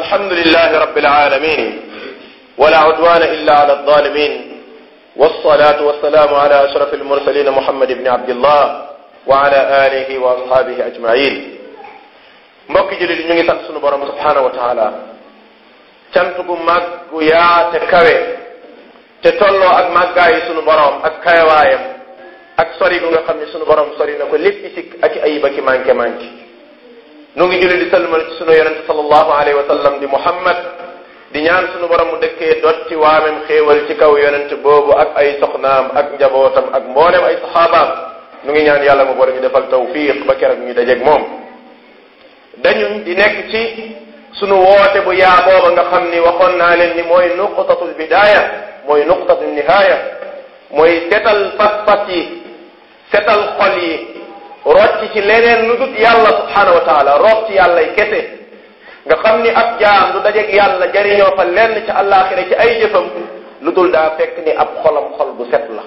الحمد لله رب العالمين ولا عدوان إلا على الظالمين والصلاة والسلام على أشرف المرسلين محمد بن عبد الله وعلى آله وأصحابه أجمعين mbokki jullit yi ñu ngi sant sunu borom subhaanahu wa taala cant gu màgg gu yaa te kawe te tolloo ak màggaayi sunu borom ak kayawaayam ak sori gu nga xam ne sunu borom sori na ko lépp isik ak ayib ak i manqué manqué nu ngi julli di sëlmal ci sunu yonente sallallahu alayhi wa sallam di muhammad di ñaan sunu borom mu dëkkee dotti waamem xéewal ci kaw yonente boobu ak ay soxnaam ak njabootam ak mboolem ay saxaabaam nu ngi ñaan yàlla mu borom ñu defal tawfiq ba keroog ñu dajeeg moom dañu di nekk ci sunu woote bu yaa booba nga xam ni waxoon naa leen ni mooy nuqtatul bidaaya mooy nuqtatul nihaaya mooy setal pas-pas yi setal xol rocc ci leneen lu dut yàlla subhaanahu wa taala roob ci yàlla yi nga xam ni ab jaam du dajeeg yàlla jariñoo fa lenn ci àllaaxira ci ay jëfam lu dul daa fekk ni ab xolom xol bu set la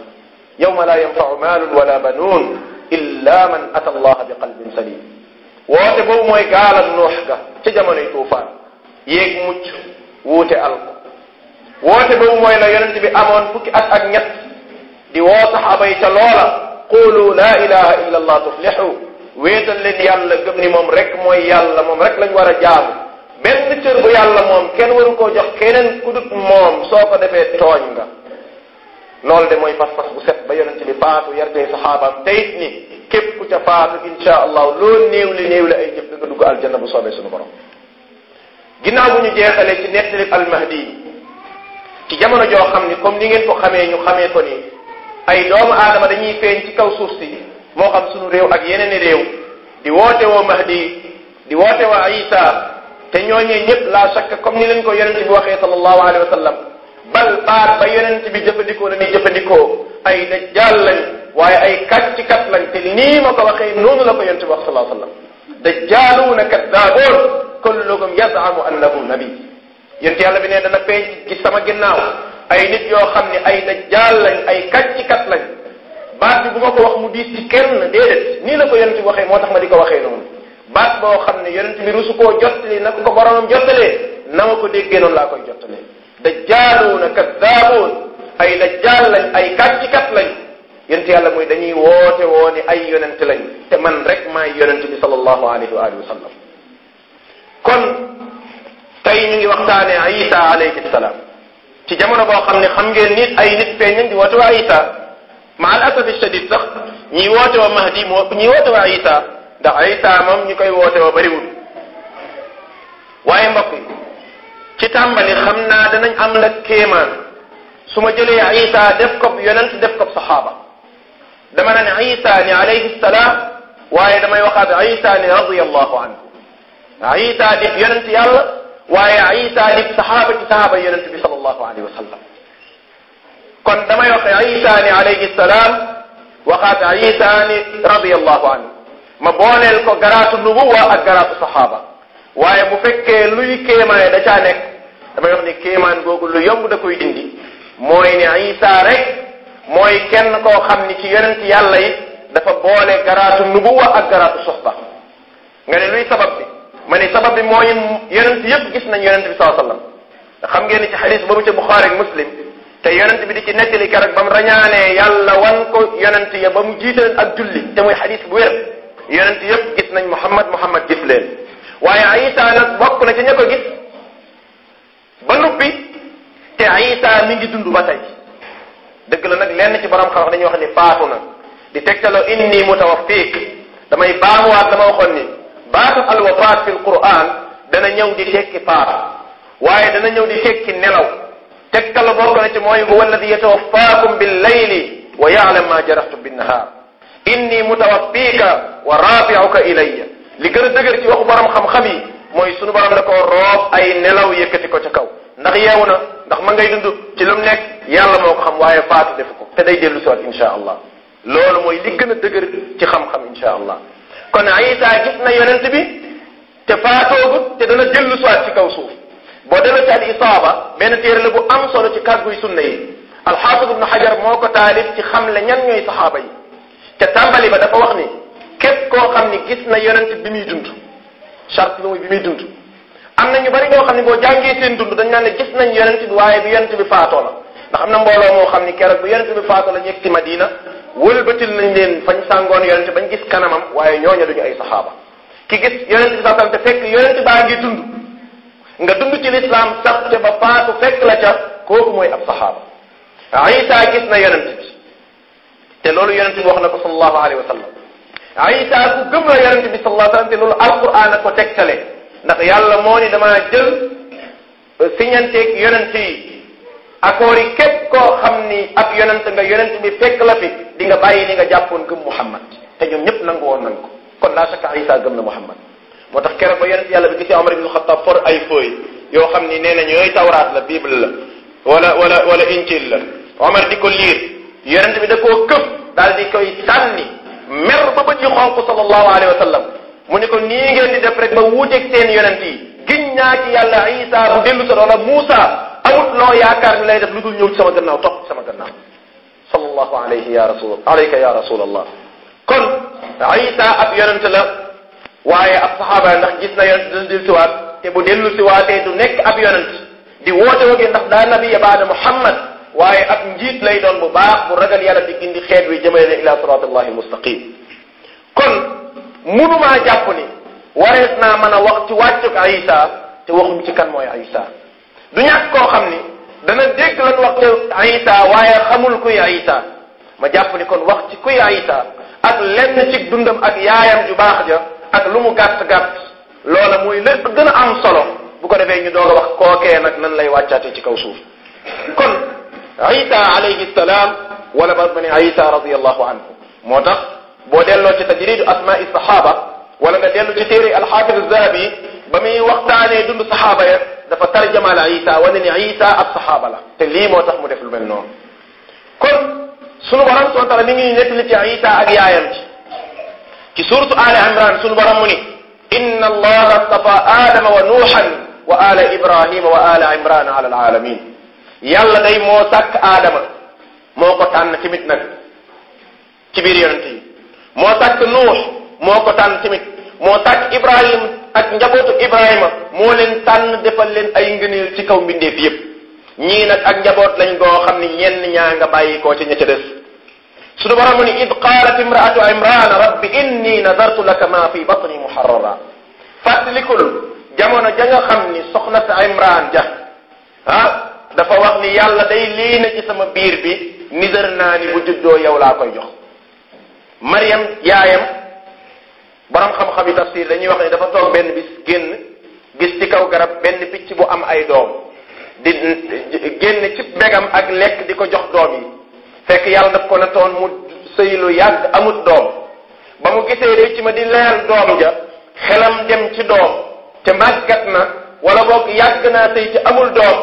yawma laa yanfau maalun wala banuun illa man ata allaha bi qalbin salim woote boobu mooy gaalal nuux ga ca jamonoy tuufaan yéeg mucc wuute alko woote boobu mooy la yonent bi amoon fukki at ak ñett di woo saxaaba yi loola qulu la ilaha illa allah tuflihu wéetal leen yàlla gëm ni moom rek mooy yàlla moom rek lañ war a jaamu benn cër bu yàlla moom kenn waru koo jox keneen ku dut moom soo ko defee tooñ nga loolu de mooy pas-pas bu set ba yonente bi faatu yardee saxaabaam teyit ni képp ku ca faatu insha allah loo néew li néew li ay jëf nga dugg aljanna bu soobee suñu borom ginnaaw bu ñu jeexalee ci nettali almahdi ci jamono joo xam ni comme ni ngeen ko xamee ñu xamee ko ay doomu aadama dañuy feeñ ci kaw suuf si moo xam sunu réew ak yeneen i réew di woote woo Mahdi di woote woo Isa te ñooñee ñëpp la shakk comme ni leen ko yonente bi waxee sallallahu alayhi wa sallam bal baat ba yonente bi jëfandikoo la ñuy jëfandikoo ay dajjal lañ waaye ay kàccikat lañ te nii ma ko waxee noonu la ko yonente bi wax sallallahu alayhi wa sallam dajjaluuna kaddaboon kulluhum yazaamu annahu nabi yonente yàlla bi ne dana feeñ ci sama ginnaaw ay nit yoo xam ne ay dajjaal lañ ay kàccikat lañ baat bi bu ma ko wax mu diis ci kenn déedéet nii la ko yonent bi waxee moo tax ma di ko waxee noonu baat boo xam ne yonent bi rusu koo jottali na ko boromam jottalee na ma ko déggee noonu laa koy jottalee dajjaaluuna kaddaabuun ay dajjaal lañ ay kàccikat lañ yonent yàlla muy dañuy woote woo ni ay yonent lañ te man rek maay yonent bi sallallahu alayhi wa alihi wa sallam kon tey ñu ngi waxtaanee Isa alayhi ci jamono boo xam ne xam ngeen nit ay nit feeñ nañ di woote waa Isa ma al asafi shadid sax ñi woote wa Mahdi moo ñi woote waa Isa ndax Isa moom ñi koy woote wa bariwul waaye mbokk yi ci tàmbali xam naa danañ am la kéemaan su ma jëlee Isa def ko yonent def ko saxaaba dama naan Isa ni alayhi salaam waaye damay waxaat Isa ni radiyallahu anhu Isa di yonent yàlla waaye Isa di saxaaba ci saxaaba yonent bi sallallahu alayhi wa sallam kon damay wax isa ni alayhi salaam waxaat isa ni radiallahu anhu ma booleel ko garaatu nubuwa ak garaatu saxaaba waaye bu fekkee luy kéemaane da caa nekk damay wax ni kéemaan googu lu yomb da koy dindi mooy ne isa rek mooy kenn koo xam ni ci yonent yàlla yi dafa boole garaatu nubuwa ak garaatu soxba nga ne luy sabab bi ma ne sabab bi mooy yonent yëpp gis nañ yonent bi sallallahu alayhi wa sallam xam ngeen ni ci xadis boobu ca Buxaari ak Muslim te yonent bi di ci nettali keroog ba mu rañaanee yàlla wan yen yonent ya ba mu jiitaleen a julli te muy xadis bu wér yonent yëpp gis nañ Muhammad Muhammad gis leen waaye Isa nag bokk na ca ña ko gis ba noppi te Isa mi ngi dund ba tey dëgg la nag lenn ci borom xam-xam dañuy wax ni faatu na di tegtaloo inni mutawaffiik damay baamuwaat la ma waxoon ni baatu alwafaat fi l Qur'an dana ñëw di tekki faatu waaye dana ñëw di tekki nelaw tegtal la bokk na ci mooy huwa alladi yatawaffaakum bil layli wa yaalam ma jarahtum bin nahaar inni mutawaffiika wa raafi'uka ilayya li gën a dëgër ci waxu borom xam-xam yi mooy sunu borom da koo roob ay nelaw yëkkati ko ca kaw ndax yeewu na ndax ma ngay dund ci lu mu nekk yàlla moo ko xam waaye faatu def ko te day dellu si waat insha allah loolu mooy li gën a dëgër ci xam-xam insha allah kon Isa gis na yonent bi te faatoogut te dana dellu si waat ci kaw suuf boo demee ci al isaaba benn téere la bu am solo ci kàgguy sunna yi alxaafis ibnu xajar moo ko taalif ci xamle ñan ñooy saxaaba yi te tàmbali ba dafa wax ni képp koo xam ni gis na yonent bi muy dund charte bi muy bi muy dund am na ñu bari ñoo xam ne boo jàngee seen dund dañ naan ne gis nañ yonent bi waaye bi yonent bi faatoo la ndax am na mbooloo moo xam ni keroog bu yonent bi faatoo la ñu yegg ci Madina wëlbatil nañ leen fañ sàngoon yonent bañ gis kanamam waaye ñooña duñu ay saxaaba ki nga dund ci lislaam sax te ba faatu fekk la ca kooku mooy ab saxaaba isa gis na yonent te loolu yonent bi wax na ko sallallahu alayhi wa sallam isa ku gëm la bi sallallahu alayhi wa sallam te loolu alquran a ko tegtale ndax yàlla moo ni damaa jël e, siñanteeg yonent yi accord yi képp koo xam ni ab yonent nga yonent bi fekk la fi di nga bàyyi ni nga jàppoon gëm Muhammad te ñoom ñëpp nangu woon nañ ko kon laa shakka isa gëm na Muhammad moo tax keroog ba yonent yàlla bi gisee Omar ibn Xattaab for ay fooy yoo xam ni nee na ñooy tawraat la bible la wala wala wala injil la Omar di ko liir yonent bi da koo këf daal di koy sànni mer ba bët yu xonq sallallahu alayhi wa mu ne ko nii ngeen di def rek ma wuuteeg seen yonent yi giñ naa ci yàlla Isa bu dellu sa wala Muusa amut loo yaakaar lu dul ñëw ci sama gannaaw topp sama gannaaw sallallahu alayhi ya rasul alayka ya rasul allah kon Isa ab yonent waaye ab saxaaba la ndax gis na yonent dina dellu siwaat te bu dellu siwaatee du nekk ab yonent di woote wooge ndax daa nabiya baada muhammad waaye ab njiit lay doon bu baax bu ragal yàlla di gindi xeet wi jëmale leen ila siratullahi almustaqim kon munumaa jàpp ni warees naa mën a wax ci wàccuk Isa te waxuñ ci kan mooy Isa du ñàkk koo xam ni dana dégg lan wax Isa waaye xamul kuy Isa ma jàpp ni kon wax ci kuy Isa ak lenn ci dundam ak yaayam ju baax ja ak lu mu gàtt gàtt loola muy lépp gën a am solo bu ko defee ñu doog wax kookee nag nan lay wàccaatee ci kaw suuf kon isa alayhi salaam wala ba ma ne isa radiallahu anhu moo tax boo delloo ci tajridu asmaa sahaba wala nga dellu ci téere alxaafid zahabi ba muy waxtaanee dund saxaaba ya dafa tarjamaale isa wane ni isa ab saxaaba la te lii moo tax mu def lu mel noonu kon sunu borom soo tax mi ngi nettali ci isa ak yaayam ci ci suuratu aali imran sunu borom mu ni inna allaha astafa aadama wa nuuxan wa ala ibrahima wa ala imran ala alalamin yàlla day moo sàkk aadama moo ko tànn tamit nag ci biir yonent yi moo sàkk nuux moo ko tànn tamit moo sàkk ibrahim ak ibrahima moo leen tànn defal leen ay ngëneel ci kaw mbindeef yépp ñii nag ak njaboot lañ goo xam ni yen ñaa nga bàyyi koo ci suñu borom ni id qaalat imraatu imrana rabbi inni nadartu laka ma fi batni muharrara fàttalikul jamono ja nga xam ni soxna sa imran ja ah dafa wax ni yàlla day lii na ci sama biir bi ni naa bu juddoo yow laa koy jox Mariam yaayam borom xam-xam yi tafsir dañuy wax ne dafa toog benn bis génn gis ci kaw garab benn picc bu am ay doom di génn ci ak lekk di ko jox doom yi fekk yàlla daf ko na nattoon mu sëy lu yàgg amut doom ba mu gisee ci ma di leer doom ja xelam dem ci doom te màggat na walla boog yàgg naa sëy te amul doom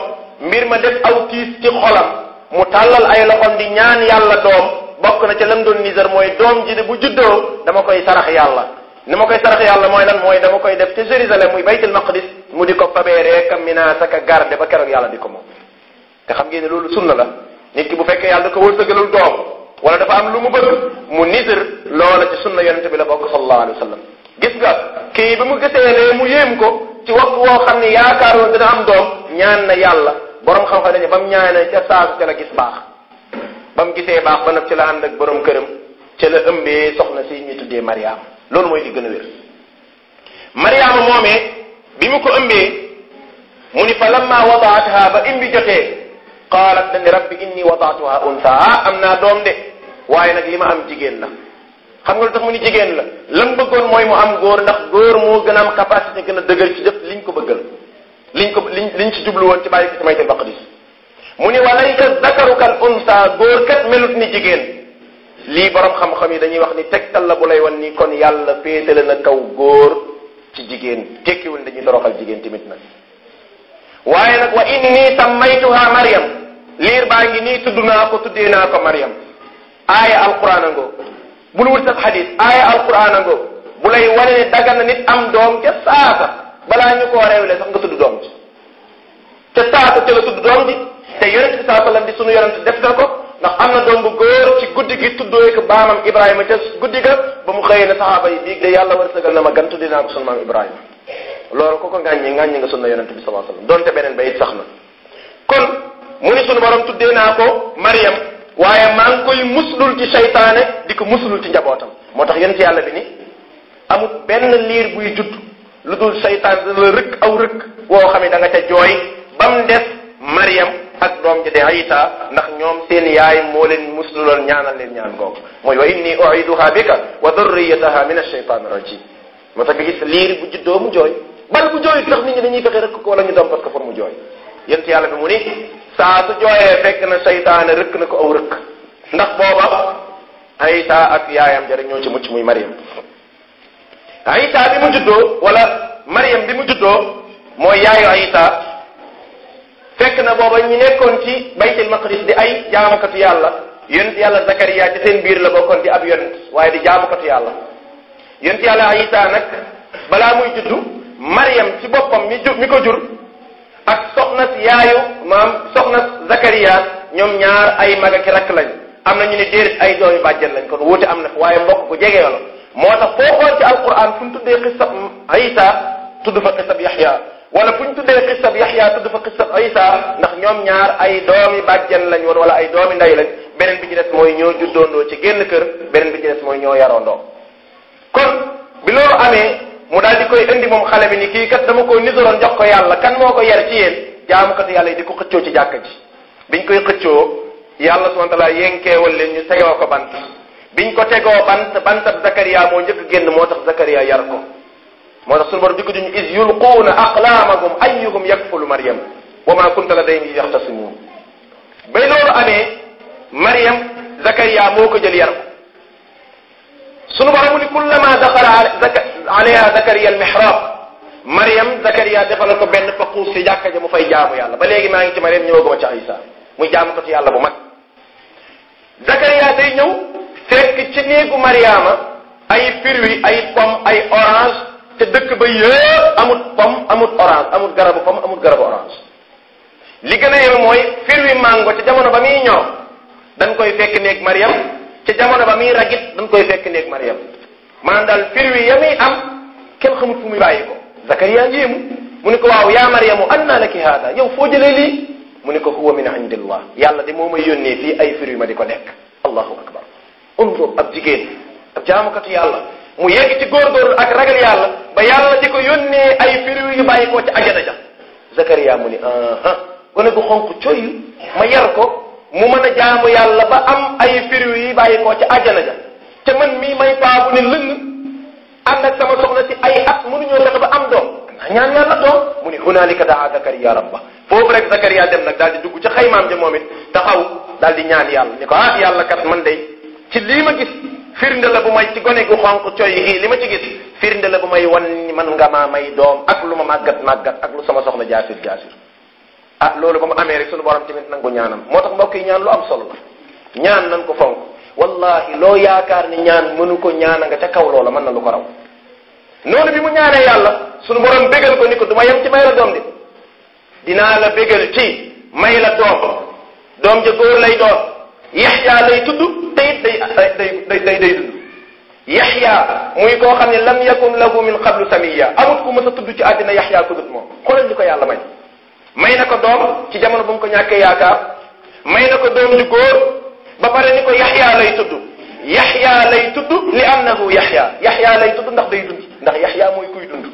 mbir ma def aw tiis ci xolam mu tàllal ay loxoom di ñaan yàlla doom bokk na ca lam doon nisar mooy doom ji de bu juddoo dama koy sarax yàlla ni ma koy sarax yàlla mooy lan mooy dama koy def ci Jérusalem muy baytul maqdis mu di ko a ka minaasa ka garde ba keroog yàlla di ko moom te xam ngeen loolu sunna la nit ki bu fekkee yàlla da ko wërsëgalul doom wala dafa am lu mu bëgg mu nisir loola ci sunna yonente bi la bokk sallallahu alayhi wa sallam gis nga kii bi mu gisee ne mu yéem ko ci waxtu woo xam ne yaakaaroon dina am doom ñaan na yàlla boroom xam-xam dañu ba mu ñaanee ca saasu ca la gis baax ba mu gisee baax ba nag ci la ànd ak borom këram ca la ëmbee soxna si ñu tuddee Mariam loolu mooy li gën a wér Mariam moomee bi mu ko ëmbee mu ni qaalat na ne rabbi inni wadaatuha unsaa ah, am naa doom de waaye nag li ma am jigéen la xam nga lu tax mu ni jigéen la lan bëggoon mooy mu am góor ndax góor moo gën a am capacité gën a dëgër ci jëf liñ ko bëggal liñ ko liñ liñ ci jublu woon ci bàyyi ko ci may te baqdis mu ni walaysa zakaru kal unsaa góor kat melut ni jigéen lii borom xam-xam yi dañuy wax ni tegtal la bu lay wan ni kon yàlla féetale na kaw góor ci jigéen tekkiwul dañuy toroxal jigéen tamit nag waaye nag wa inni sammaytuha Maryam liir baa ngi nii tudd naa ko tuddee naa ko Maryam aaya alquran angoo bu lay wane ne dagan na nit am doom ca saasa balaa ñu koo réewle sax nga tudd doom ji ca tudd doom ji te yonente bi saa sallam di sunu yonente def na ko ndax am na doom bu góor ci guddi gi tuddooy ko baamam Ibrahima ca guddi ga ba mu xëyee ne saxaaba yi biig de yàlla war a na ma gan tuddee naa ko sunu maam Ibrahima loolu ku ko ngàññi ngàññi nga sunna yonente bi sallallahu donte beneen bayit sax na kon mu ni sunu borom tuddee naa ko Mariam waaye maa ngi koy muslul ci seytaane di ko muslul ci njabootam moo tax yonent yàlla bi ni amul benn liir buy judd lu dul seytaan dana la rëkk aw rëkk woo xam ne da nga ca jooy ba mu des Mariam ak doom ji de ndax ñoom seen yaay moo leen musluloon ñaanal leen ñaan googu mooy wa inni u'iduha bika wa dhurriyataha min ash-shaytan rajim moo tax bal bu jooyut tax nit ñi dañuy fexe rëkk ko wala ñu dompat ko pour mu jooy yent yàlla bi mu ni saa su jooyee fekk na saytaane rëkk na ko aw rëkk ndax booba Aysa ak yaayam jariñ ñoo ci mucc muy Mariam Aysa bi mu juddoo wala Mariam bi mu juddoo mooy yaayu Aysa fekk na booba ñu nekkoon ci baytil maqdis di ay jaamukatu yàlla yonent yàlla Zakariya ci seen biir la bokkoon di ab yonent waaye di jaamukatu yàlla yonent yàlla Aysa nag balaa muy juddu Maryam ci boppam mi jur mi ko jur ak soxna si yaayu maam soxna Zakariya ñoom ñaar ay mag ak rakk lañ am na ñu ne déedéet ay doomi bàjjen lañ kon wuute am na waaye mbokk bu jege la moo tax foo xool ci alquran fu ñu tuddee xisab Isa tudd fa xisab wala fu ñu tuddee xisab Yaxya tudd fa xisab Isa ndax ñoom ñaar ay doomi bàjjen lañ woon wala ay doomi ndey lañ beneen bi ci des mooy ñoo juddoondoo ci génn kër beneen bi ci mooy ñoo yaroondoo kon bi loolu amee mu daal koy indi moom xale bi ni kii kat dama ko nisoroon jox ko yàlla kan moo ko yar ci yéen jaamukatu yàlla yi di ko xëccoo ci jàkka ji biñ koy xëccoo yàlla subhanahu wa taala yenkeewal leen ñu tegoo ko bant biñ ko tegoo bant bantab Zakaria moo njëkk génn moo tax Zakaria yar ko moo tax suñu borom dikko duñu is yulquuna aqlaamahum ayyuhum yakfulu Maryam wa ma kunta ladayhim yaxtasimuun ba loolu amee Maryam Zakaria moo ko jël yar ko sunu borom ni kullama daxala alayha zakariya almihrab mariam zakariya defal ko benn paquus ci jàkka ja mu fay jaamu yàlla ba léegi maa ngi ci mariam ñëwaguma ci isa muy ko ci yàlla bu mag zakariya day ñëw fekk ci néegu mariama ay fruits ay pomme ay orange te dëkk ba amut pomme amut orange amut garabu pomme amut garabu orange li gën a yéeme mooy fruits mango ca jamono ba muy ñor dañ koy fekk néeg mariam ca jamono ba muy ragit dañ koy fekk néeg Mariam maanaam daal firwi ya am kenn xamut fu muy bàyyi Zakariya yéemu mu ne ko waaw yaa Mariamu anna laki haada yow foo jëlee lii mu ne ko huwa min indillah yàlla de moo may yónnee fii ay firwi ma di ko nekk allahu akbar unzur ab jigéen ab jaamukatu yàlla mu yegg ci góorgóorlu ak ragal yàlla ba yàlla di ko yónnee ay firwi yu bàyyi koo ca ajana ja Zakariya mu ne aha gone gu xonq coy ma yar ko mu mën a jaamu yàlla ba am ay firiw yi bàyyi koo ca àjjana ja te man mii may paabu ne lëng ànd ak sama soxna ci ay at mënuñoo fexe ba am doom naa ñaan yàlla doom mu ni hunaalika daa Zakariya rabba foofu rek Zakariya dem nag daal di dugg ca xaymaam ja moom it aw daal di ñaan yàlla ni ko ah yàlla kat man de ci lii ma gis firnde la bu may ci gone gu xonq coy yi li ma ci gis firnde la bu may wan man nga maa may doom ak lu ma màggat màggat ak lu sama soxna jaasir jaasir ah loolu ba mu amee rek sunu borom tamit nangu ñaanam moo tax mbokk yi ñaan lu am solo la ñaan nan ko fonk wallahi loo yaakaar ni ñaan mënu ko ñaana nga ca kaw loola mën na lu ko raw noonu bi mu ñaanee yàlla sunu borom bégal ko ni ko du ma yem ci may la doom de dinaa la bégal ci may la doom doom ja góor lay doon yaxyaa lay tudd te it day day day day dund yaxyaa muy koo xam ne lam yakun lahu min qablu samiya amut ku mës a tudd ci àddina yaxyaa ko dut moom xoolal ñu ko yàlla may may na ko doom ci jamono bu mu ko ñàkkee yaakaar may na ko doom ju góor ba pare ni ko yaxyaa lay tudd yaxyaa lay tudd li annahu yaxyaa yaxyaa lay tudd ndax day dund ndax yaxyaa mooy kuy dund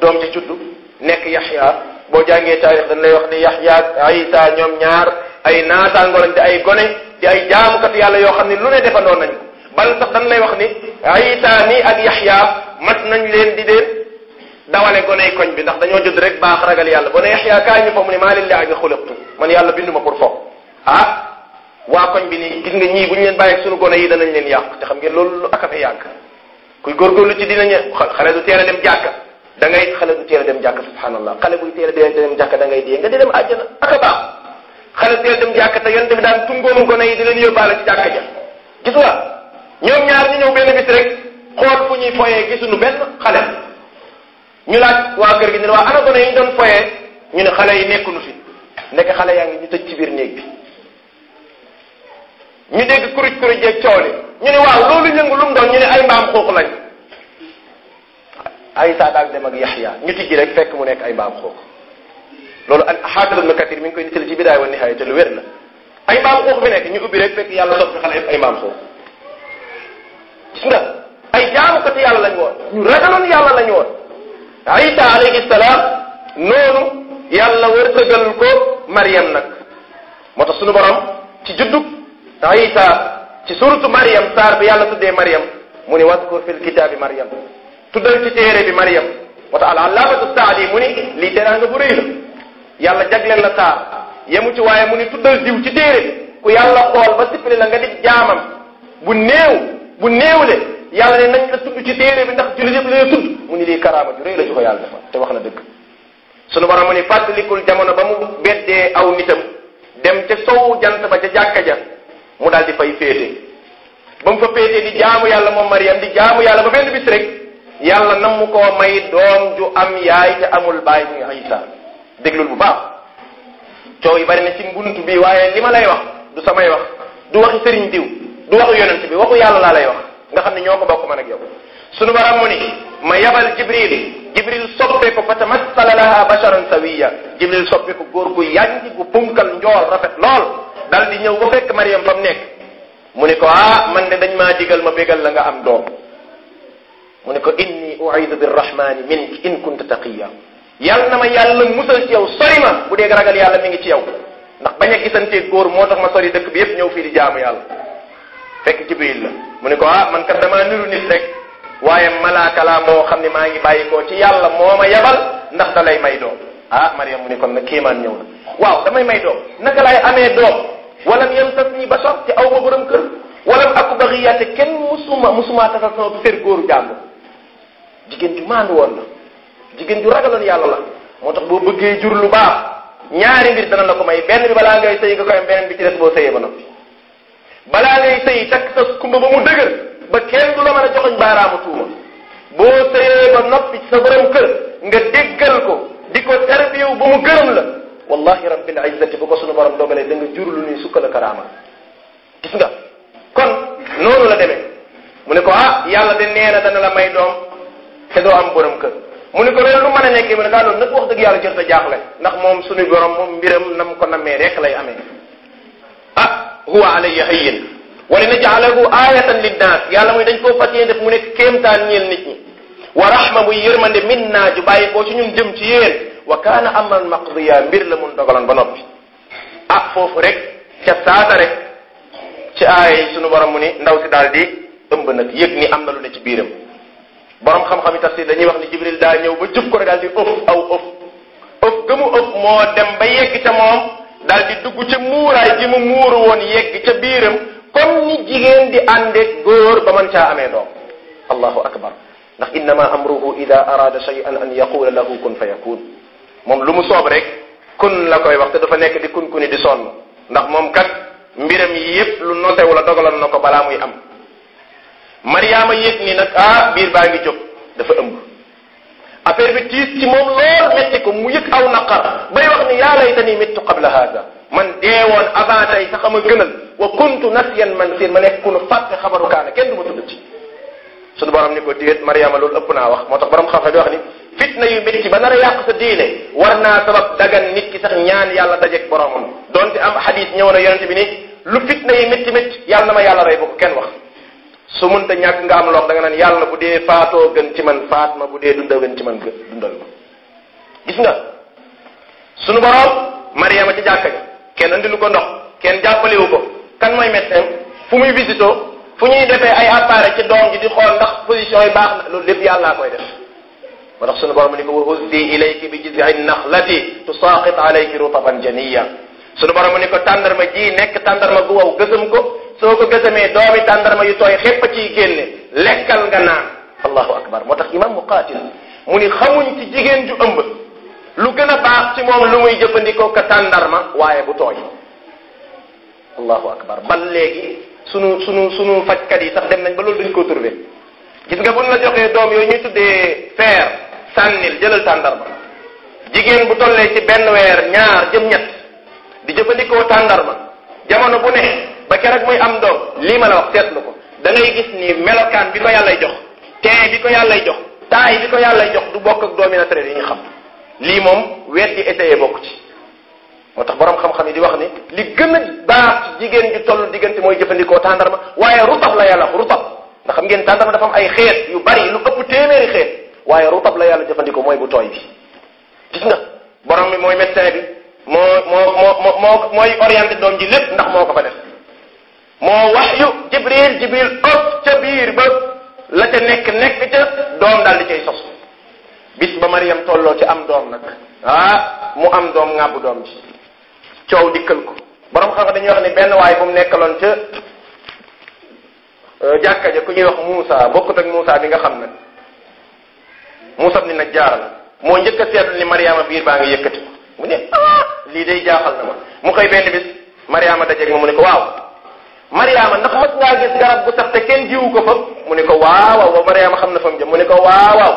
doom ji tudd nekk yaxyaa boo jàngee taarix dañ lay wax ni yaxyaa isa ñoom ñaar ay naataango lañ di ay gone di ay jaamukat yàlla yoo xam ne lu ne defandoon nañ ko bal sax lay wax ni isa ni ak yaxyaa mat nañ leen di leen dawale goney koñ bi ndax dañoo judd rek baax ragal yàlla ba ne yaxyaa kaay ñu fa mu ne maa leen laa nga xulaqtu man yàlla binduma pour fo ah waa koñ bi nii gis nga ñii bu ñu leen bàyyi suñu gone yi danañ leen yàq te xam ngeen loolu lu akafe yàgg kuy góorgóorlu ci dinañu xale du teel a dem jàkka da ngay xale du teel a dem jàkka subhanallah xale buy teel a dem jàkka da ngay dee nga di dem àjjana aka baax xale teel dem jàkka te yonent bi daan tungoonu gone yi di leen yóbbaale ci jàkka ja gis nga ñoom ñaar ñu ñëw benn bis rek xool fu ñu laaj waa kër gi ne waa ana gone ñu doon foyee ñu ne xale yi nekkunu fi ndeke xale yaa ngi ñu tëj ci biir néeg bi ñu dégg kuruj kuruj yeeg coow li ñu ne waaw loolu yëngu lu mu doon ñu ne ay mbaam xuux lañ ay saa daal dem ak yaxya ñu tijji rek fekk mu nekk ay mbaam xuux loolu al xaafid ibn kathir mi ngi koy nittali ci bidaay wa nihaaya te lu wér la ay mbaam xuux bi nekk ñu ubbi rek fekk yàlla dox bi xale ay mbaam xuux gis nga ay jaamukati yàlla lañ woon ñu ragaloon yàlla lañ woon Isa alayhi salaam noonu yàlla wërsëgal ko Maryam nag moo tax sunu borom ci juddug Isa ci suratu Maryam saar bi yàlla tuddee Maryam mu ni waskur fil kitaabi Maryam tuddal ci téere bi Maryam moo tax al allaamatu saadi mu ni lii teraanga bu rëy la yàlla jagleel la saar yemu ci waaye mu ni tuddal diw ci téere bi ku yàlla xool ba sippali la nga di jaamam bu néew bu néewle yàlla ne nañ la tudd ci téere bi ndax jullit yëpp la tudd la ju ko yàlla defal te wax na dëgg sunu borom mu ni fàttalikul jamono ba mu beddee aw nitam dem ca sow jant ba ca jàkka ja mu daal di fay féete ba mu fa féetee di jaamu yàlla moom Mariam di jaamu yàlla ba benn bis rek yàlla nam mu koo may doom ju am yaay te amul baay muy Isa déglul bu baax coow yi bari na ci mbunt bi waaye li ma lay wax du samay wax du waxi sëriñ diw du waxu yonent bi waxu yàlla nga xam ne ñoo ko bokk man ak yow sunu baram mu ni ma yabal jibril jibril soppe ko fa tamassala laha basharan sawiya jibril soppe ko góor gu yanji gu punkal njool rafet lool dal di ñëw ba fekk mariam fa mu nekk mu ne ko ah man de dañ maa digal ma bégal la nga am doom mu ne ko inni uidu birrahmani mink in kunta taqiya yàlla na ma yàlla musal ci yow sori ma bu dee ragal yàlla mi ngi ci yow ndax bañ a gisantee góor moo tax ma sori dëkk bi yépp ñëw fii di jaamu yàlla fekk jibril la mu ne ko ah man kat damaa niru nit rek waaye malaaka laa moo xam ne maa ngi bàyyikoo ci yàlla moo ma yebal ndax da lay may doom ah Mariam mu ne kon nag kéemaan ñëw na waaw damay may doom naka lay amee doom walam yam tas ni ba sot te aw ma borom kër walam aku baxiyaate kenn musuma musuma tasal sama fer góoru jàmbur jigéen ju maandu woon la jigéen ju ragaloon yàlla la moo tax boo bëggee jur lu baax ñaari mbir dana la ko may benn bi balaa ngay bi ci des boo sëyee ba noppi balaa ngay sëy takk sa kumba ba mu dëgër ba kenn du la mën a joxoñ baaraamu tuuma boo sëyee ba noppi sa borom kër nga déggal ko di ko tarbiyew ba mu gërëm la wallahi rabbil izzati bu ko sunu borom dogalee da nga jur lu ñuy sukkal karaama gis nga kon noonu la demee mu ne ko ah yàlla de da na dana la may doom te doo am borom kër mu ne ko loolu lu mën a nekkee mu ne daa ah, loolu nag wax dëgg yàlla jër ta jaaxle ndax moom suñu borom moom mbiram nam ko namee rek lay amee huwa alayya hayyin wa linaj'alahu ayatan linnas yàlla muy dañ koo fas yéene def mu nekk kéemtaan ñeel nit ñi wa rahma muy yërmande min naa ju bàyyi koo ci ñun jëm ci yéen wa kaana amran maqdiya mbir la mun dogaloon ba noppi ah foofu rek ca saasa rek ci aaya yi sunu borom mu ni ndaw si daal di ëmb nag yëg ni am na lu ne ci biiram borom xam-xam yi tafsir dañuy wax ni jibril daa ñëw ba jub ko rek daal di ëf aw ëf ëf gëmu ëf moo dem ba yegg ca moom daal di dugg ca muuraay gi mu muuru woon yegg ca biiram comme ni jigéen di ànd góor ba mën caa amee doom allahu akbar ndax innama amruhu ida arada sey an yaqula lahu kun fa yakun moom lu mu soob rek kun la koy wax te dafa nekk di kun kuni di sonn ndax moom kat mbiram yi yépp lu notewu la dogaloon ko balaa muy am mariama yëg ni nag ah, biir baa ngi jóg dafa ëmb affaire bi tiis ci moom lool metti ko mu yëg aw naqar bay wax ni yaa laytani mittu qabla hada man deewoon avant tey sax ma gënal wa kuntu nasiyan mansiyan ma nekk ku nu fàtte xabaru kaana kenn du ma tudd ci suñu borom ni ko déet Mariama loolu ëpp naa wax moo tax borom xam-xam di wax ni fitna yu métti ba nar a yàq sa diine war naa sabab dagan nit ki sax ñaan yàlla dajeeg boromam donte am xadis ñëw na yonente bi ni lu fitna yi métti métti yàlla na ma yàlla rey ba ko su mënta ñàkk nga am lox da nga yàlla bu dee faatoo gën ci man faat ma bu dee dundal gën ci man dundal ma gis nga sunu boroom Mariama ci jàkka kenn andilu ko ndox kenn jàppalewu ko kan mooy médecin fu muy visito fu ñuy defee ay appareil ci doom ji di xool ndax position yi baax na loolu lépp yàllaa koy def moo tax sunu borom ni ko wa huzzi ilayki bi jiz'i naxlati tusaqit alayki rutaban janiya sunu borom ni ko ma ji nekk tàndarma gu wow gësam ko soo ko gësamee doomi tàndarma yu tooy xépp ciy génne lekkal nga naan allahu akbar moo tax imam muqaatil mu ni xamuñ ci jigéen ju ëmb lu gën a baax ci moom lu muy jëfandikoo ko tàndarma waaye bu tooy allahu akbar ban léegi sunu sunu sunu fajkat yi sax dem nañ ba loolu duñ koo trouvé gis nga buñ la joxee doom yooyu ñuy tuddee feer sànnil jëlal tàndarma jigéen bu tollee ci benn weer ñaar jëm ñett di jëfandikoo tàndarma jamono bu ne ba keroog muy am doom lii ma la wax seetlu ko da gis ni melokaan bi ko yàllay jox tee bi ko yàllay jox taay bi ko yàllay jox du bokk ak doomi naturel yi ñu xam lii moom weet di essayé bokk ci moo tax borom xam-xam yi di wax ni li gën a baax ci jigéen ju toll diggante mooy jëfandikoo tàndarma waaye rutab la yàlla rutab ndax xam ngeen tàndarma dafa am ay xeet yu bari lu ëpp téeméeri xeet waaye rutab la yàlla jëfandikoo mooy bu tooy bi gis nga borom bi mooy médecin bi moo moo moo moo mooy orienté doom ji lépp ndax moo ko def moo waxyu jibril jibril ëpp ca biir ba la ca nekk nekk ca doom daal di cay sos bis ba Mariam tolloo ci am doom nag ah mu am doom ŋàbbu doom ji coow dikkal ko borom xam nga dañuy wax ne benn waay bu mu nekkaloon ca euh, jàkka ja ku ñuy ak Moussa bi nga xam ne Moussa bi nag jaaral moo njëkk a seetlu ni Mariama biir baa ngi yëkkati ko mu ne ah, lii day jaaxal na ma mu xëy benn bis Mariama dajeeg ma mu ne ko waaw. Mariama ndax mas ngaa gis garab gu te kenn jiwu ko fa mu ne ko waaw waaw Mariama xam na fa mu jëm mu ne ko waaw waaw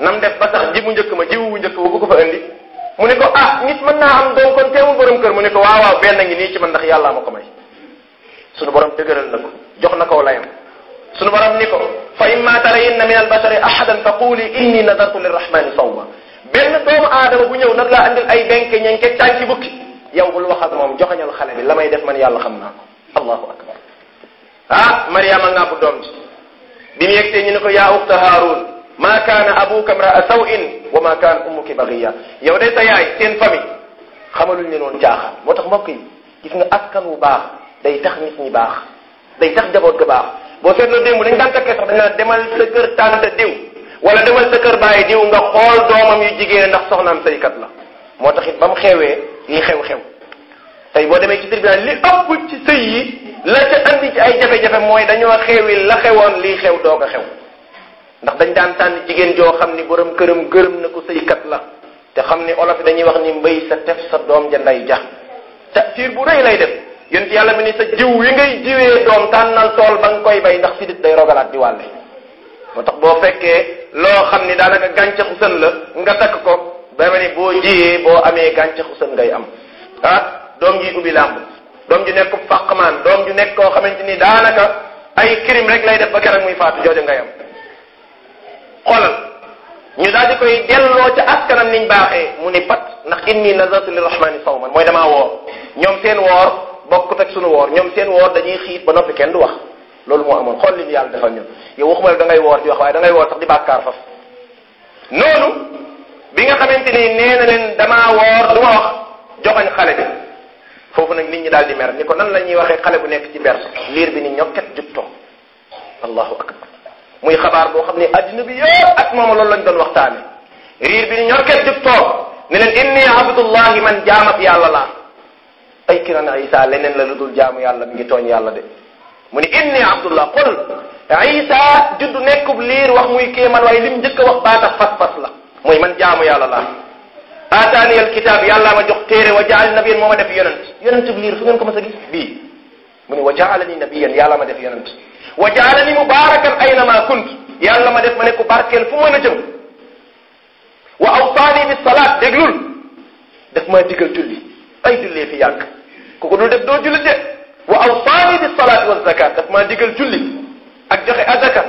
nam def ba ji bu njëkk ma jiwu bu njëkk ba bu ko fa indi mu ne ko ah nit mën naa am doom kon teewul borom kër mu ne ko waaw waaw benn ngi nii ci man ndax yàllaa ma ko may sunu borom dëgëral na ko jox na ko layam sunu borom ni ko fa imma tarayinna min albashari ahadan fa quuli inni nadartu lirrahmani sawma benn doomu aadama bu ñëw nag laa andil ay benk ñenke cànki bukki yow bul wax ak moom joxañal xale bi la may def man yàlla xam naa ko allahu akbar ah mariama nga bu doom bi mu yegtee ñu ne ko yaa uxta haarun maa kaana abuka mraa saw in wa maa kaan ummuki bagiya yow day sa yaay seen famille xamaluñ leen woon caaxaan moo tax mbokk yi gis nga askan wu baax day tax nit ñi baax day tax jaboot ga baax boo seetloo démb dañ daan takkee sax dañ naan demal sa kër tànta diw wala demal sa kër bàyyi diw nga xool doomam yu jigéen ndax soxnaam saykat la moo tax li xew-xew tey boo demee ci tribunal li ëpp ci sëy yi la ca andi ci ay jafe-jafe mooy dañoo xewi la xewoon lii xew doog a xew ndax dañ daan tànn jigéen joo xam ni borom këram gërëm na ko sëykat la te xam ni olof dañuy wax ni mbay sa tef sa doom ja nday ja tafsir bu rëy lay def yonent yàlla ma ni sa jiw wi ngay jiwee doom tànnal tool ba nga koy bay ndax si dit day rogalaat di moo tax boo fekkee loo xam ni daanaka gàncaxu sën la nga takk ko dama ni boo jiyee boo amee gàncaxu sën ngay am ah doom ji ubbi làmb doom ji nekk faqmaan doom ji nekk koo xamante ni daanaka ay kirim rek lay def ba keroog muy faatu ngay am xoolal ñu daal di koy delloo ca askanam niñ baaxee mu ni pat ndax inni nazartu lirrahmani man mooy damaa woor ñoom seen woor bokkut ak sunu woor ñoom seen woor dañuy xiit ba noppi kenn du wax loolu moo amoon xool li yàlla defal ñun yow waxuma da ngay woor di wax waaye da ngay woor sax di bàkkaar bi nga xamante ni nee na leen damaa woor du ma wax joxoñ xale bi foofu nag nit ñi daal di mer ni ko nan la ñuy waxee xale bu nekk ci berso liir bi ni ñokket jub toog allahu akbar muy xabaar boo xam ne addina bi yëpp ak moom loolu lañ doon waxtaane liir bi ni ñokket jub toog ne leen inni abdullahi man jaamab yàlla laa ay ki naan isa leneen la lu dul jaamu yàlla mi ngi tooñ yàlla de mu inni abdullah qul isa juddu nekkub liir wax muy kéeman waaye lim njëkk a wax baata fas fas la muy man jaamu yàlla laa aataani al kitaab yàllaa ma jox téere wa jaal nabiyan moo ma def yonent yonent bi liir fu ngeen ko mas a gis bii mu ne wa jaalani nabiyan yàlla ma def yonent wa jaalani mubaarakan ayna ma kunt yàlla ma def ma ne ku barkeel fu mën a jëm wa awsaani bi salaat déglul daf maa digal julli ay jullee fi yàgg ku ko dul def doo jullit de wa awsaani bi salaat wa zakat daf maa digal julli ak joxe azaka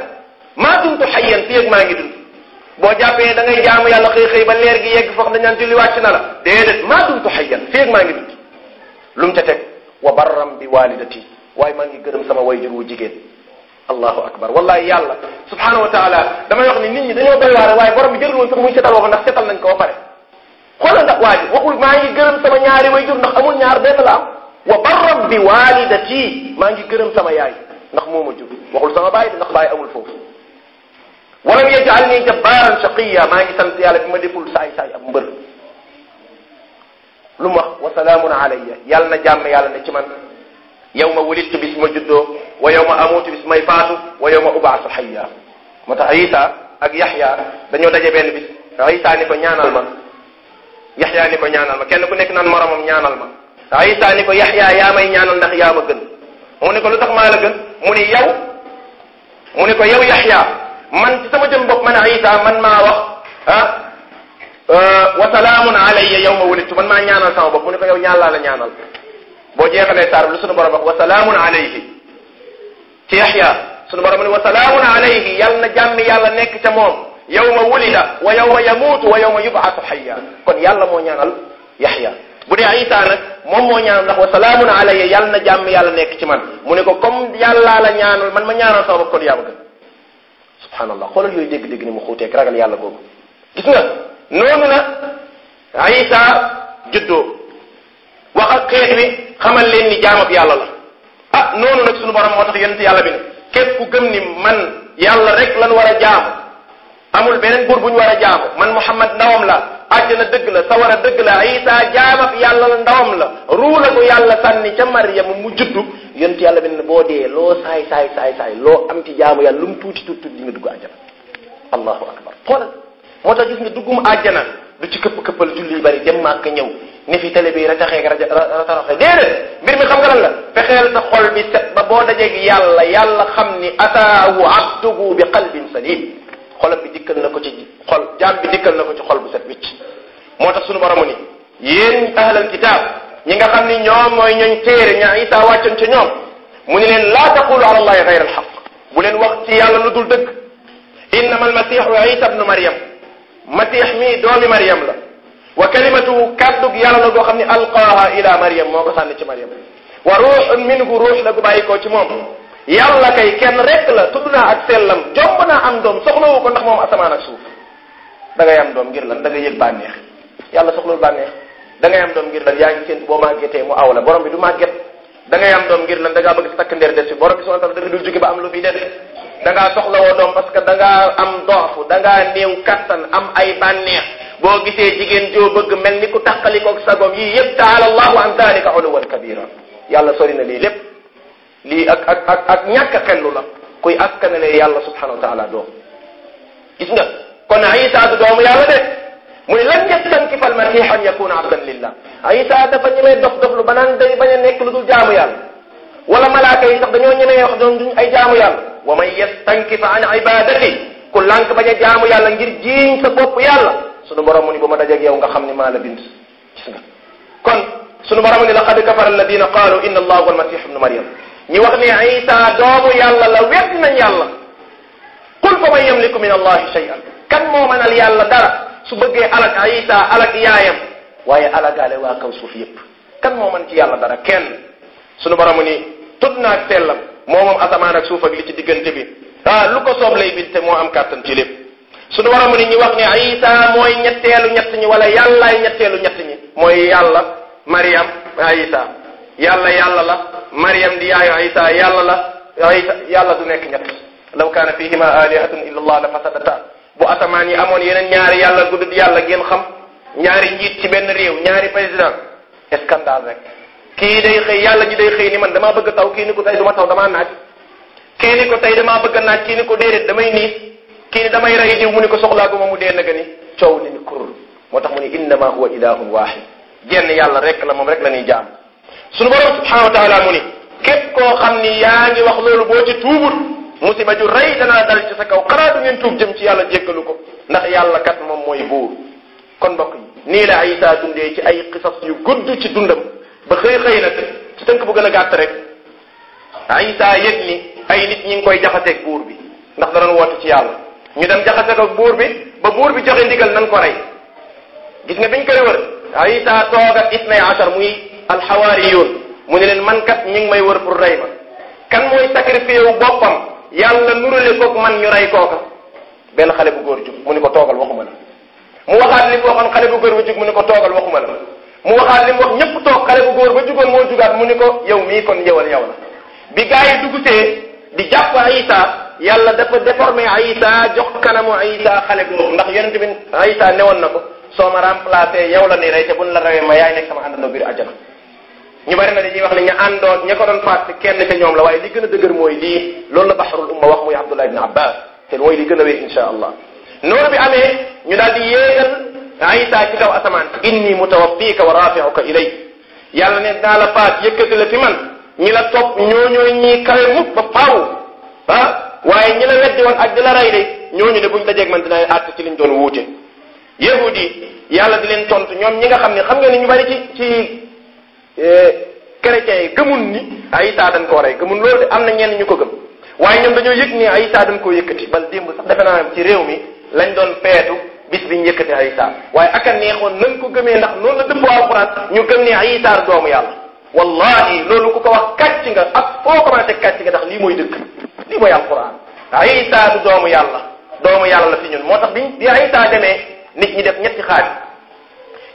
maa dumtu xayyan fi yëg maa ngi dund boo jàppee da ngay jaamu yàlla xëy xëy ba leer gi yegg foog dañaan julli wàcc na la déedéet maa dumtu hayyan feeg maa ngi dund lu mu ca teg wa barram bi walidati waaye maa ngi gërëm sama wayjur wu jigéen allahu akbar wallahi yàlla subhanahu wa taala dama wax ni nit ñi dañoo doy waare waaye borom bi jërul woon sax muy setal woo ndax setal nañ ko ba pare xoolal ndax waa ji waxul maa ngi gërëm sama ñaari wayjur ndax amul ñaar benn la am wa barram bi walidati maa ngi gërëm sama yaay ndax moo ma jur waxul sama baay ndax baay amul foofu walam yajalni jabbaaran shaqiya maa ngi sant yàlla bi ma deful saay saay ab mbër lu mu wax wa salaamun alayya yàlla na jàmm yàlla ne ci man yow ma wulittu bis ma juddoo wa yow ma amutu bis may faatu wa yow ma ubaasu xayya moo tax Isa ak Yaxya dañoo daje benn bis Isa ni ko ñaanal ma Yaxya ni ko ñaanal ma kenn ku nekk naan moromam ñaanal ko Yaxya yaa may ñaanal ndax yaa ma gën mu ne ko lu tax maa la gën mu ne ko yow man ci sama jëm bopp man Isa man maa wax ah euh, wa salaamun alayya yawma wulidtu man maa ñaanal sama bopp mu ne ko yow ñaallaa la ñaanal boo jeexalee sunu borom wax wa salaamun alayhi ci Yaxya sunu borom ne wa salaamun na jàmmi yàlla nekk ca moom yawma wulida wa yawma yamuutu wa yawma yubaatu xayya kon yàlla moo ñaanal Yaxya bu dee Isa nag moom moo ñaanal a wa salaamun alayya yàlla na jàmm yàlla nekk ci man mu ne ko comme yàllaa la ñaanal man ma ñaanal sama bopp subhanallah la yooyu dégg-dégg ni mu xuuteeg ragal yàlla googu gis nga noonu la Isa juddoo wax ak xeet wi jaamab yàlla la ah noonu nag suñu borom moo tax yonent yàlla bi ne képp ku gëm ni man yàlla rek lan war a amul beneen buur bu ñu war a jaamu man Muhammad ndawam la àjjana dëgg la sawara dëgg la isa jaamab yàlla la ndawam la ruu la ko yàlla sànni ca Maryam mu juddu yonent yàlla bi ne boo dee loo saay saay saay loo am ci jaamu yàlla lu mu tuuti tuuti di nga dugg àjjana allahu akbar xoolal moo tax gis nga duggum àjjana du ci këpp këppal julli yu bari dem màkk ñëw ne fi télé bi rataxee rataraxe déedéet mbir mi xam nga lan la fexeel sa xol bi set ba boo dajeeg yàlla yàlla xam ni ataahu abduhu bi qalbin salim xolam bi dikkal na ko ci xol jaam bi dikkal na ko ci xol bu set wicc moo tax sunu boromu ni yéen ahlal kitaab ñi nga xam ni ñoom mooy ñooñ téere ñaa isaa wàccoon ca ñoom mu ni leen laa taqulu ala allahi gayra alxaq bu leen wax ci yàlla lu dul dëgg innama almasihu isa bnu mariam masiix mi doomi mariam la wa kalimatuhu kàddug yàlla la goo xam ne alqaaha ila mariam moo ko sànni ci mariam wa ruuxun minhu ruux la gu bàyyikoo ci moom yàlla kay kenn rek la tudd ak sellam jomb am doom soxlawu ko ndax moom samaan ak suuf da ngay am doom ngir lan da ngay yëg bànneex yàlla soxlawul bànneex da ngay am doom ngir lan yaa ngi séntu boo màggetee mu aw la borom bi du màgget da am doom ngir lan da ngaa bëgg sa takk ndeer des fi borom bi subhanahu wa taala dul jóge ba am lu fi des da doom parce que am doofu da ngaa néew kattan am ay bànneex boo gisee jigéen joo bëgg mel ni ku tàqalikoog sagom yi yëpp taala allahu an dalika uluwan yàlla sori na lii lépp lii ak ak ak ak ñàkk a xellu la kuy yàlla subhanahu wa taala doom gis nga kon Isa du doomu yàlla de muy lan yastankifa al-masiih an yakuna abdan lillah Isa dafa ñemee dof dof lu ba naan a nekk lu dul jaamu yàlla wala malaaka yi sax dañoo ñemee wax doon duñ ay jaamu yàlla wa man yastankifa an ibadati ku lànk bañ a jaamu yàlla ngir jiiñ sa bopp yàlla mu ni bu ma dajeeg yow nga xam ni maa la bind gis nga kon sunu borom mu ni laqad kafara alladina qaalu inna allah wal masiih ibnu maryam ñu wax ne Isa doomu yàlla la wet nañ yàlla qul fa man yamliku min allahi shay'an kan su bëggee alak Isa alak yaayam waaye alagaale waa kaw suuf yépp kan moo mën ci dara kenn sunu boromu ni tudd na ak sellam moo moom asamaan ak suuf li ci diggante bi ah lu ko soob lay bind te moo am kàttan ci lépp sunu boromu ni ñu wax ne Isa mooy ñetteelu ñett ñi wala yàllaay ñetteelu ñett mooy yàlla Mariam Isa yàlla yàlla la Maryam di yaayu Isa yàlla la Isa yàlla du nekk ñett law kaana fihima alihatun illa allah la fasadata bu asamaan yi amoon yeneen ñaari yàlla guddut yàlla ngeen xam ñaari njiit ci benn réew ñaari président scandale rek kii day xëy yàlla ji day xëy ni man damaa bëgga taw kii ni ko tey taw damaa naaj kii bëgg a naaj kii ni ko déedéet damay niit kii ni damay rey diw mu ni ko soxlaaguma mu dee naga ni coow li ni kurul moo tax mu ni innama huwa ilahun wahid jenn yàlla rek la moom rek la ñuy jaam sunu borom subhanahu wa taala mu ni képp koo xam ni yaa ngi wax loolu boo ci tuubul musiba ju rey danaa dal ci sa kaw xanaa du ngeen tuub jëm ci yàlla jéggalu ko ndax yàlla kat moom mooy buur kon mbokk yi nii la Isa ci ay xisas yu gudd ci dundam ba xëy xëy nag ci bu gën a gàtt rek Isa yëg ni ay nit ñi ngi koy jaxaseeg buur bi ndax danañ woote ci yàlla ñu dem jaxase ko buur bi ba buur bi joxe ndigal nan ko rey gis nga biñ koy wër Isa toog yoon mu ne leen man kat ñu ngi may wër pour rey ma kan mooy sacrifice wu boppam yàlla nurale kook man ñu rey kooka benn xale bu góor jug mu ni ko toogal waxuma la mu waxaat li mu waxoon bu góor bu jug mu ni ko toogal waxuma la mu waxaat li wax ñëpp toog xale bu góor ba jugoon moo jugaat mu ne ko yow mii kon yowal yow la bi gaa yi dugusee di jàpp Isa yàlla dafa déformé Isa jox kanamu Isa xale boobu ndax yonente bi Isa woon na ko soo ma remplacé yow la ni rey te buñ la rawee ma yaay ñu bari na dañuy wax ne ña àndoon ña ko doon faat kenn ca ñoom la waaye li gën a dëgër mooy lii loolu la baxarul umma wax muy abdullah ibn abbas te mooy gën a wér insha allah noonu bi amee ñu daal di yéegal isa ci kaw asamaan inni mutawaffiika wa rafi'uka ilay yàlla ne naa la faat yëkkati la fi man ñi la topp ñooñooy ñii kawe mukk ba faaw ah waaye ñi la weddi woon ak di la rey de ñooñu ne buñ dajeeg man dina àtt ci liñ doon wuute yahudi yàlla di leen tontu ñoom ñi nga ñu bari Eh, chrétiens yi gëmun ni Aïssa dañ ko rey gëmun loolu de am na ñenn ñu ko gëm waaye ñoom dañoo yëg ni Aïssa dañ koo yëkkati bal démb sax defe naa ci réew mi lañ doon peetu bis bi ñu yëkkati Aïssa waaye ak a neexoon nañ ko gëmee ndax noonu la dëppoo alxuraan ñu gëm ni Aïssa doomu yàlla wallahi loolu ko ko wax kàcc nga ak foo commencé kàcc nga ndax lii mooy dëkk lii mooy alxuraan Aïssa du doomu yàlla doomu yàlla la fi ñun moo tax bi bi Aïssa nit ñi def ñetti xaaj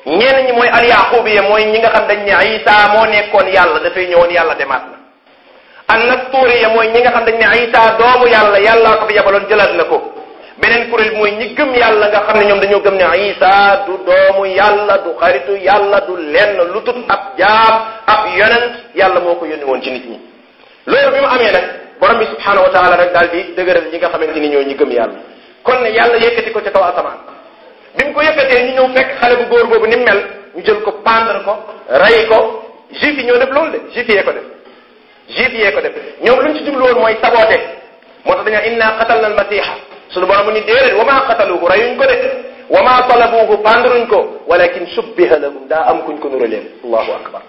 ñenn ñi mooy al yaqubiya mooy ñi nga xam dañ ne Isa moo nekkoon yàlla dafay ñëwoon yàlla demaat na an nasturiya mooy ñi nga xam dañ ne Isa doomu yàlla yàllaa ko fi yabaloon jëlaat na ko beneen kuréel bi mooy ñi gëm yàlla nga xam ne ñoom dañoo gëm ne Isa du doomu yàlla du xaritu yàlla du lenn lu tut ab jaam ab yonent moo ko yónni woon ci nit ñi loolu bi mu amee nag borom bi subhaanahu wa taala rek daal di dëgëral ñi nga xamante ni ñoo ñi gëm yàlla kon ne yàlla yëkkati ko ca kaw asamaan bi mu ko yëkkatee ñu ñëw fekk xale bu góor boobu ni mel ñu jël ko pendre ko rey ko juif de ñoo def loolu de juif yee ko def juif yee ko def ñoom lu ñu ci jublu woon mooy saboté moo tax dañoo inna qatalna almasiha suñu borom mu ni déedéet wa maa qataluuhu reyuñ ko de wa maa talabuuhu pendruñ ko walakin subbiha lahum daa am kuñ ko nuraleen allahu akbar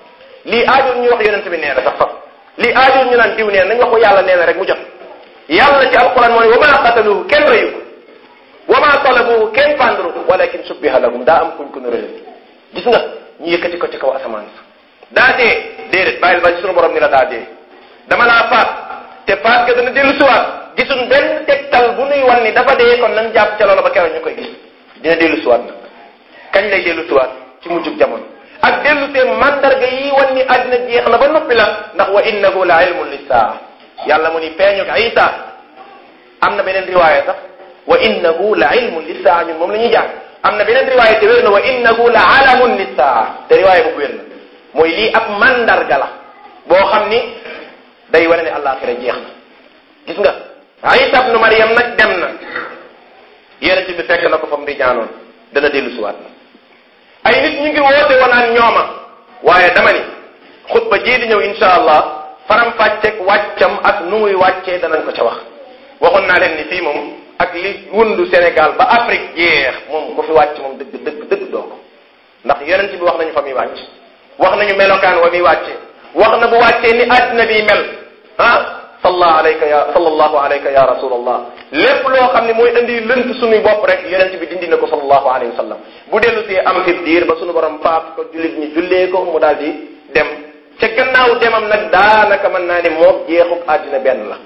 lii aajoon ñu wax yonente bi nee na sax faf lii aajoon ñu naan nañ wax ko yàlla nee na rek mu jot yàlla ci alquran moo ne wa maa qataluuhu kenn wa ma talabuhu kenn fàndaru walakin subbiha lahum daa am kuñ ko nurale gis nga ñu yëkkati ko ci kaw asamaan sa daa dee déedéet bàyyil ba ci sunu borom ni la daa dee dama laa faat te faat ga dana dellu siwaat gisuñ benn tal bu nuy wan ni dafa dee kon nañ jàpp ca loola ba keroog ñu koy gis dina dellu siwaat nag kañ lay dellu siwaat ci mujjug jamono ak dellu see mandarga yi wan ni àddina jeex na ba noppi la ndax wa innahu la ilmun lissaa yàlla mu ni peeñu Isa am na beneen riwaaya sax wa innahu la ilmun lissaa ñun moom la ñuy jàng am na beneen riwaaya te wér na wa innahu la alamun lissaa te riwaaya boobu wér na mooy lii ab mandarga la boo xam ni day wane ne àllaaxira jeex na gis nga Isa ibnu Maryam nag dem na yonent bi fekk na ko fa mu di ñaanoon dana dellu si na ay nit ñu ngi woote wanaan ñooma waaye dama ni xutba jii di ñëw insha allah faram fàcceeg wàccam ak nu muy wàccee danañ ko ca wax waxoon naa leen ni fii ak li wundu Sénégal ba Afrique jeex moom ku fi wàcc moom dëgg dëgg dëgg doo ko ndax yonent bi wax nañu fa muy wàcc wax nañu melokaan wa muy wàcce wax na bu wàccee ni àddina bi mel ah salla alayka ya sallallahu alayka ya rasulallah lépp loo xam ne mooy indi lënt suñuy bopp rek yonent bi dindi na ko sallallahu alayhi wa sallam bu dellu see am fi diir ba suñu borom faat ko jullit ñi jullee ko mu daal di dem ca gannaaw demam nag daanaka mën naa ni moom jeexuk àddina benn la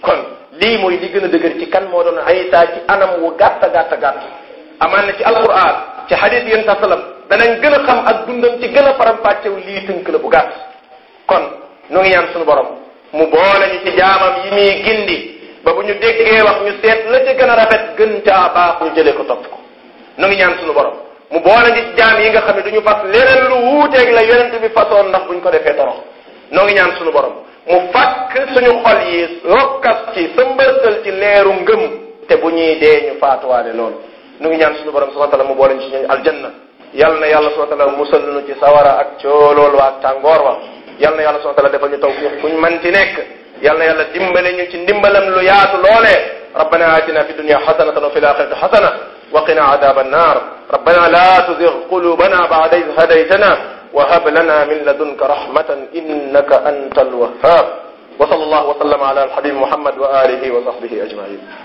kon lii mooy li gën a dëgër ci kan moo doon Isa ci anam wu gàtt gàtt gàtt amaan na ci alquran ci xadis yéen sa salam danañ gën a xam ak dundam ci gën a faram-fàccew lii tënk la bu gàtt kon noon ngi ñaan suñu borom mu boole ñu ci jaamam yi ñu déggee wax ñu seet la gën a rafet gën caa baaxul jëlee ko topp ko nu ngi ñaan suñu borom mu boole ñu ci yi nga xam ne du ñu fas leneen lu wuuteeg la yonent bi fasoon ndax buñ ko defee torox noo ngi ñaan suñu borom mu fàkk suñu xol yi rokkas ci sëmbërtal ci leeru ngëm te bu ñuy dee ñu faatuwaale loolu nu ngi ñaan suñu borom subhana taala mu boole ñu ci yal na yàlla subhana taala musal nu ci sawara ak coolool waa tàngoor wa yal na yàlla subhana taala defal ñu tawfiq fuñ manti nekk yal na yàlla dimbale ñu ci ndimbalam lu yaatu loolee rabbana atina fi dunya xasanatan wa fi laxirati xasana wa qina adaba annar rabbana la tuzig qulubana ba'da id hadaytana وهب لنا من لدنك رحمة إنك أنت الوهاب وصلى الله وسلم على الحبيب محمد وآله وصحبه أجمعين